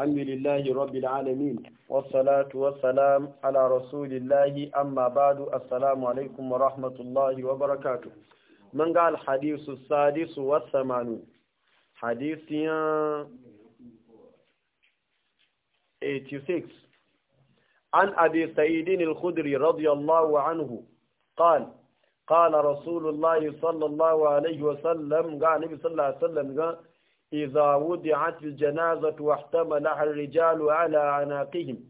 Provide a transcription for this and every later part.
الحمد لله رب العالمين والصلاة والسلام على رسول الله أما بعد السلام عليكم ورحمة الله وبركاته من قال حديث السادس والثمانون حديث 86 عن أبي سعيد الخدري رضي الله عنه قال قال رسول الله صلى الله عليه وسلم قال النبي صلى الله عليه وسلم قال إذا وضعت الجنازة واحتملها الرجال على عناقهم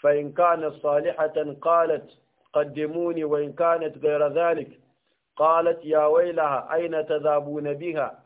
فإن كانت صالحة قالت قدموني وإن كانت غير ذلك قالت يا ويلها أين تذابون بها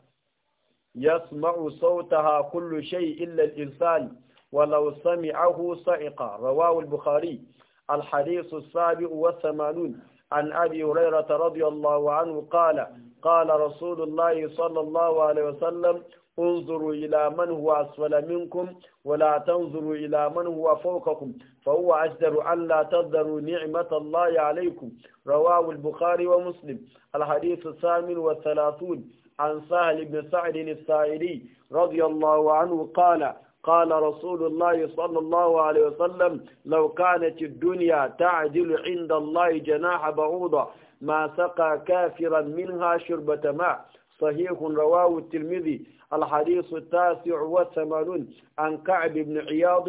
يسمع صوتها كل شيء إلا الإنسان ولو سمعه صعقا رواه البخاري الحديث السابع والثمانون عن أبي هريرة رضي الله عنه قال قال رسول الله صلى الله عليه وسلم انظروا إلى من هو أسفل منكم ولا تنظروا إلى من هو فوقكم فهو أجدر أن لا تذروا نعمة الله عليكم رواه البخاري ومسلم الحديث الثامن والثلاثون عن سهل بن سعد السائري رضي الله عنه قال قال رسول الله صلى الله عليه وسلم لو كانت الدنيا تعدل عند الله جناح بعوضة ما سقى كافرا منها شربة ماء صحيح رواه الترمذي الحديث التاسع والثمانون عن كعب بن عياض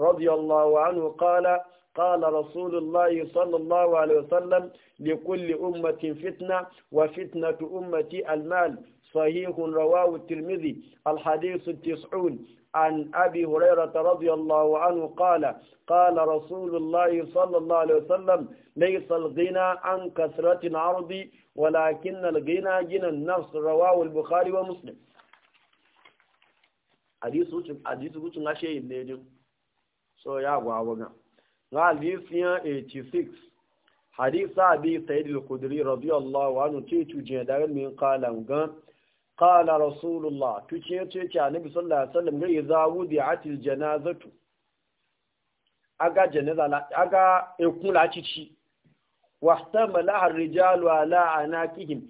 رضي الله عنه قال قال رسول الله صلى الله عليه وسلم لكل أمة فتنة وفتنة أمتي المال صحيح رواه الترمذي الحديث التسعون عن أبي هريرة رضي الله عنه قال قال رسول الله صلى الله عليه وسلم ليس الغنى عن كثرة العرض ولكن الغنى جن النفس رواه البخاري ومسلم حديث وچن غشي الليجو سو يا غواغا قال في 86 حديث أبي سعيد الخدري رضي الله عنه تيجو جندار من قال عن qala rasulullah tuce yace ce a annabi sallallahu alaihi wasallam da idza wudi'atil janazatu aga janaza la aga ekun la cici wahtamala ar-rijalu ala anakihim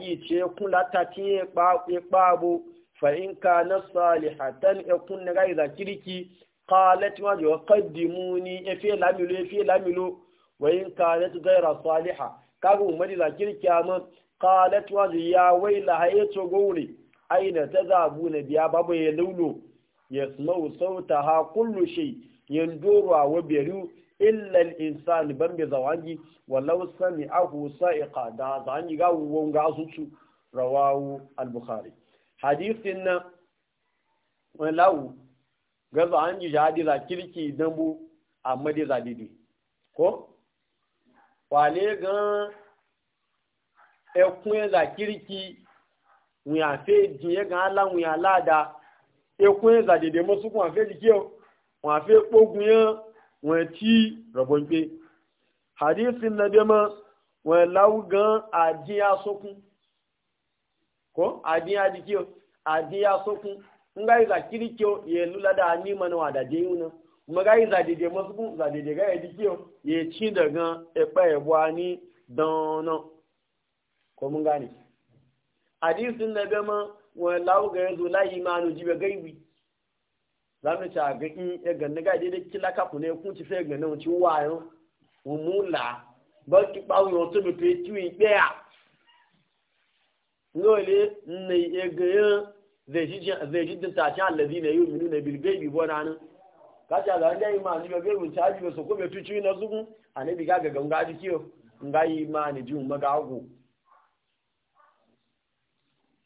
yi ce kun la tati pa pa bu fa in kana salihatan ekun ga idza kiriki qalat ma jo qaddimuni efe lamilo efe lamilo wa in kanat ghayra salihah kaga umari za kirki amma qalat wa ya waila hayato gure aina tazabu na biya babu ya lulu yasma'u sautaha kullu shay yanduru wa biru illa al-insan ban bi zawangi walau sami'ahu sa'iqa da zangi ga won ga su rawahu al-bukhari hadithin na walau ga zangi jadi za kirki dambu amma dai zadidi ko wale ekun za kirki wọn yà fẹ́ jìnyẹ gan ala wọn yà láàdá ekun za dèdè mọ́sùkùn wọn fẹ́ jìkẹ́ wọn fẹ́ kpogun yẹn wọn ti rọ̀bọ̀n pé hadisi nàdẹ́mọ́ wọn láwù gan àdínyà sókun kó àdínyà jìkẹ́ àdínyà sókun nga yi za kirki yẹ lula da ni mana wa da je yi kuma ga yi za dèdè mọ́sùkùn za dèdè ga yẹ jìkẹ́ yẹ ci da gan ẹ̀pẹ́ ko mun gane hadisin na gama wani lawo ga yanzu la imanu jibe gaibi za mu ci a ga in ya ganna ga da kila kafu ne kun ci sai ganna wuce wayo umula ba ki bawo yo to mi pe ti ipe a ngole ne ye ga zai ji zai ji ta ta alladina ne bil gaibi ka kacha da dai imani ba gaibi ta ji ba so ko be tuci na zugun bi ga ga ganga ji kiyo ngai imani ji umma ga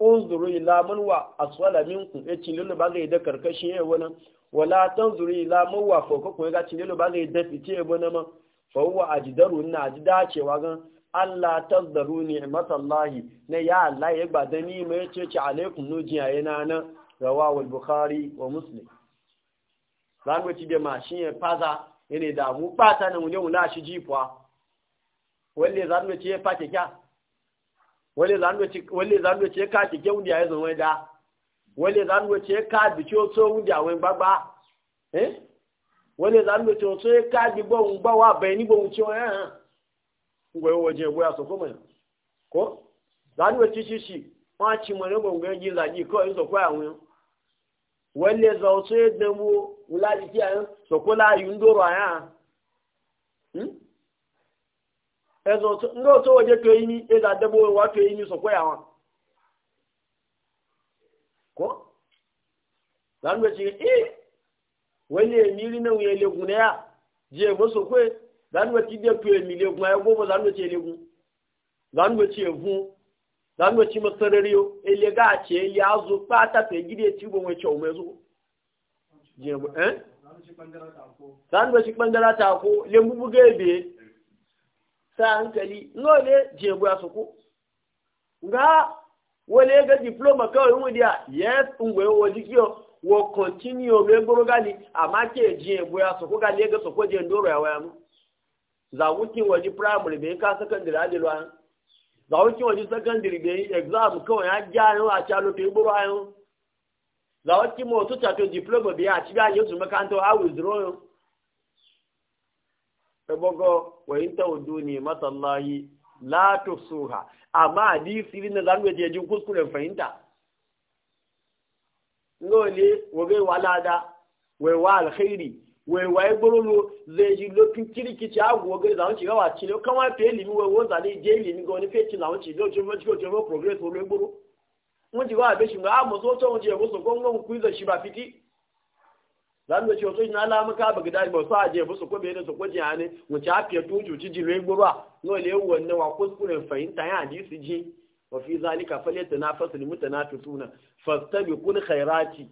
unzuru ila man wa aswala minkum e cin lulu ba ga da karkashin e wani wala tanzuru ila man wa foko ko ga cin lulu ba ga da fice e wani ma fa huwa ajdaru na ajda cewa gan Allah tazdaru ni'matallahi ne ya Allah ya gba da ni mai ce ci alaikum nujiya yana nan rawahu al-bukhari wa muslim zango ci da mashin faza yana da mu bata nan wuje mu shi jifwa walle zango ci ya fake kya wale zanu ce ka ki ke wundi a yanzu wai da wale zanu ce ka bi ce so wundi a wai gbagba eh wale zanu ce so ka bi bo un ba wa bai ni bo un ce wai han eh, eh. ngwe waje boya so kuma ko zanu ce shi shi ma ci mo ne bo ngai ji zaji ko yanzu e ko awun wale zo so e da mu wula ji ti an so ko la yundoro aya hm ẹzọ ńgọ́ tó wọ́n jẹ́ tó yí ní ẹzọ àdẹ́bọ̀ wà tó yí so sọ̀kọ́ yà wọn. kọ́ lánàá bẹ̀ ṣe é wọ́n lé èmi rí náà wọ́n léegun náà jẹ́ èmọ́ sọ̀kọ́ ẹ̀ lánàá ti dẹ́ tó èmi léegun ẹ̀ gbọ́ bọ́ lánàá ti léegun lánàá ti èvun lánàá ti mọ sẹ́rẹ́rì o èlé gáàkye èlé azó pátá tẹ̀ gídé tí wọ́n wọ́n ẹ̀kyẹ́ ọmọ ẹ̀ ta sa hankali ngole je buya su ku ga wale ga diploma kawai mu dia yes ngwe wo dikio wo continue be gboro gali ama ke je buya su ku gali ga soko ko je ndoro ya waya mu za wuki waji primary be ka secondary ajelo an za wuki waji secondary be exam kawai ya ja yo a chalo te gboro ayo za wuki mo to chato diploma be a ti ga yo su makanto a withdraw yo ebogo wa inta uduni matallahi la tusuha amma hadisi ne zan waje jin kuskuren fahimta ngole wobe walada we wa alkhairi we wa igborolo zai ji lokin agu agwo ga zan ci gawa ci kama fe limi we wo zani je limi go ni fe ci lawon ci lojo mo ko jo progress wo lo igboro won ji wa be shi ga mo so to won je go so go ngo ku izo shi ba fiti zan da cewa na alamu ka ba gida ba su aje ba su kome da su kwaje a ne wuce hafiya tuju ci jire gura no le wa fahimta ya hadisi ji wa fi zalika falyata na fasali mutana tutuna fastabi kun khairati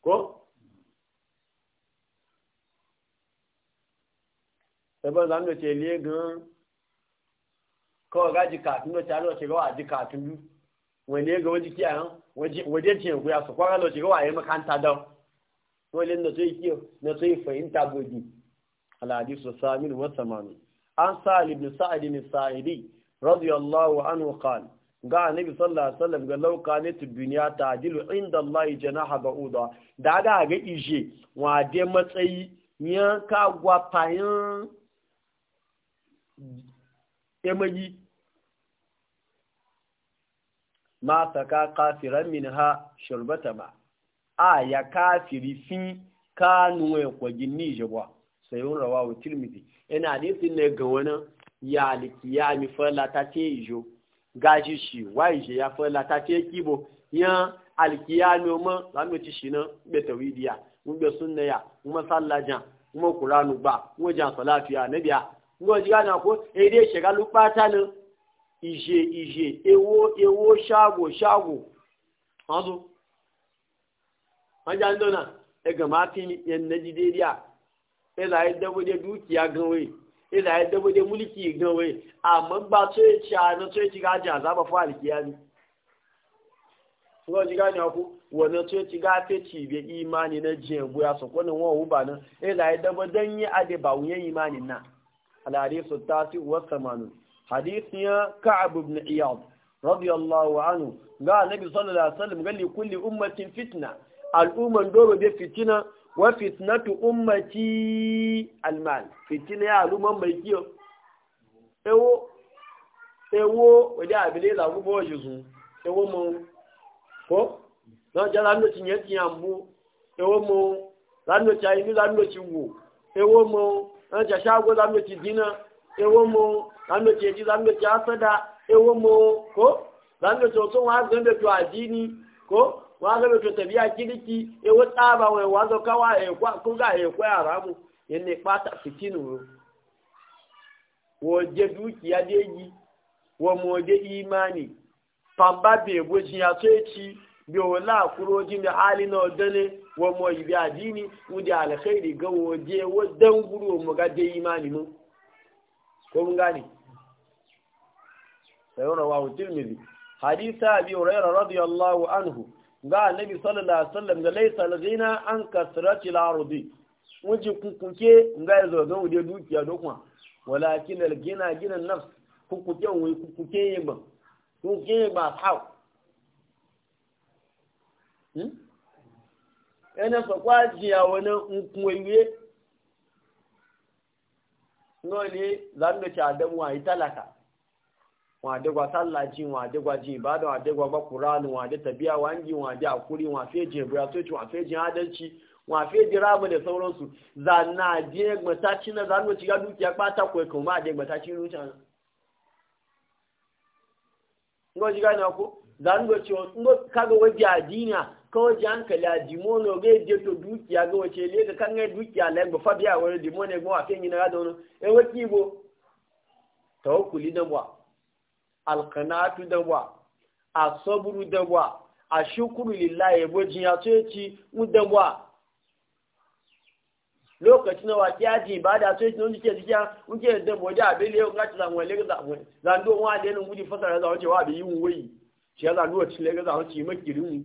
ko ẹgbẹ́ zan da ce le gan kawai gaji katun da ta lọ ce gawa ji katun wani ga wajen kiyayen wajen tiyan kuya su a yi makanta don wale na sai kiyo na sai fahimta gobe. al-hadith as-samin wa samani an sa ibn sa'adi ibn sa'idi radiyallahu anhu qala ga annabi sallallahu alaihi wasallam ga law kanat ta ta'dilu inda Allah janaha ba'uda da ga ga ije, wa de matsayi ya ka gwa fayin emayi ma ka kafiran ha shurbata ba. a ya kafiri fi kanu ya kwagin ni jabwa sayun rawawu tirmidhi ina hadisin ne ga wani ya alkiyami fala ta ce ijo gashi shi waje ya fala ce kibo ya alkiyami ma zamu shi na be tawidiya mun sunna ya kuma sallajan kuma qur'anu ba kuma jan salafiya biya kuma ji gana ko eh dai shiga lupata ne ije ije ewo ewo shago shago hazo wajen dona daga e mafi yan e na jideriya ila e ya dabo da dukiya ganwe ila ya dabo mulki ganwe amma ba a na so ya ci gaji a zaba fa alkiya ne suka ji gani ku wani imani na jiyan buya su kwanin wa huba nan ila don yi ade ba wuyan na alhadisu al'umman doro bai fitina wa fitnatu ummati almal fitina ya al'umman mai kiyo ewo ewo wadda abile za ku bawa jisu ewo mo, ko na ja lando ci nyeti yambu ewo mu lando ci ayi lando ci wu ewo mu na ja shago lando ci dina ewo mu lando ci ji lando ci asada ewo mo, ko lando ci oto wa gambe to adini ko waga lo to biya kiriki e wo tsaba we wazo kawa e kwa kuga e kwa arabu yenne pata fitinu wo je dukiya deji wo mo je imani pamba be boji ya to echi bi o la kuro ji mi hali na odane wo mo ibi adini mu di alkhairi ga wo je wo dan guru mo ga je imani mu ko mun gani sayona wa tirmidhi haditha bi hurairah radiyallahu anhu ga annabi sallallahu alaihi wasallam ga laysa al-ghina an kasrati al-ardi wuji kukuke ga yazo ga wude dukiya do kuma walakin al-ghina gina nafs kukuke wai kukuke yeba kukuke ba haw hmm ene so kwa ya wani nkuwe zan zanga ta adamu ai talaka adegwa wade adegwa ji wade gwa jibada wade gwa ba qur'ani wade tabiya wangi ade akuri wa feje bra so ci wa feje adalci wa feje rabu da sauransu zanna je gbata ci na zanno ci ga dukiya kwata ko ko ma je gbata ci ruta ngo ji ga na ko zango ci ngo kaga waje adina ka waje hankali a dimono ga je to dukiya ga wace le ka kan ga dukiya la ba biya wani dimone ga wa feje na ga dono e waki bo tawakkuli na ba alkanatu wa a saburu wa a shukuru lillahi yabo jiya to da wa lokacin da waki yaji ba da to yaci nunji ke jikiya nke da dawa da abele yau ngati zan wale ga zamu zan do wa da nan gudi fasara zan ce wa bi yin wai shi zan do ci le ga zan ci makirin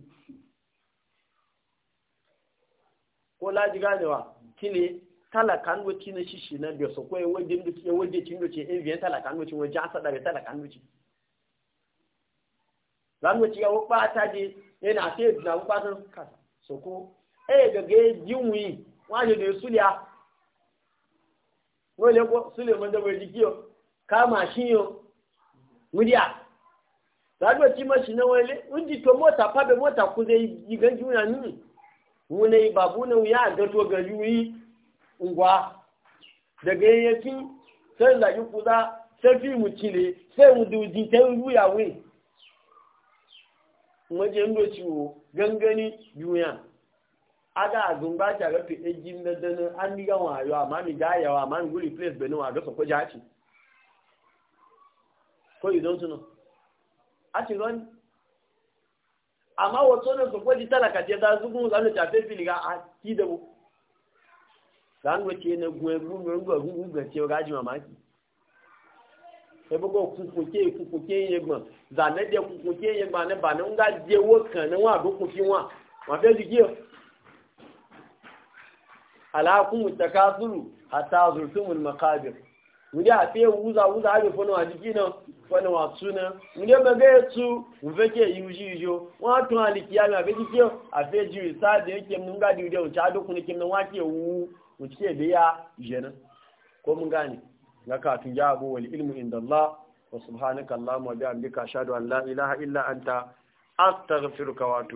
ko laji ganewa kine talakan wuci na shi na biyo so ko yawo dindu yawo dindu ce in biyan talakan wuci wajen asada bai talakan wuci za mu ci yawon bata je yana sai na bukatar kasa soko eh gaga jinwi wani da suliya wani ko suleiman da bai jikiyo kama shi yo mudiya za mu ci mashi na wani inji to mota fabe mota ku zai yi ganji wuna nini wuna yi babu na wuya ga to ga yuyi ungwa daga yankin sai zagi kuza sai fi mu cile sai mu dujin ta yi wuya wai majen ciwo gangani duniya aga azun ba ta rafe egin na dana an ni gawa amma mi ga yawa amma mi guri place benin wa ga so ko jaci ko you don't know ron amma wato ne so ko ji talaka je da zugun zanu ta fili ga a ki da bu zanu ke ne gwe gwe gwe gwe gwe ce ga ji mamaki ebogo kukuke kukuke yegba zane de kukuke yegba ne ba ne nga je wo kan ne wa do kuki wa wa be di gio ala kum takasuru hatta zurtumul maqabir mudi a fe wuza wuza abi fono a jiki na fono wa suna mudi ba ga su mu feke yuji yujo wa to ali kiyami ma be di gio a fe ji sa de ke mun ga di de o cha do kun kin na wa ke wu mu ce biya jena ko mun gane na katun ya abu wal ilmu inda Allah wa subhanaka Allahumma bihamdika ashhadu an la ilaha illa anta astaghfiruka wa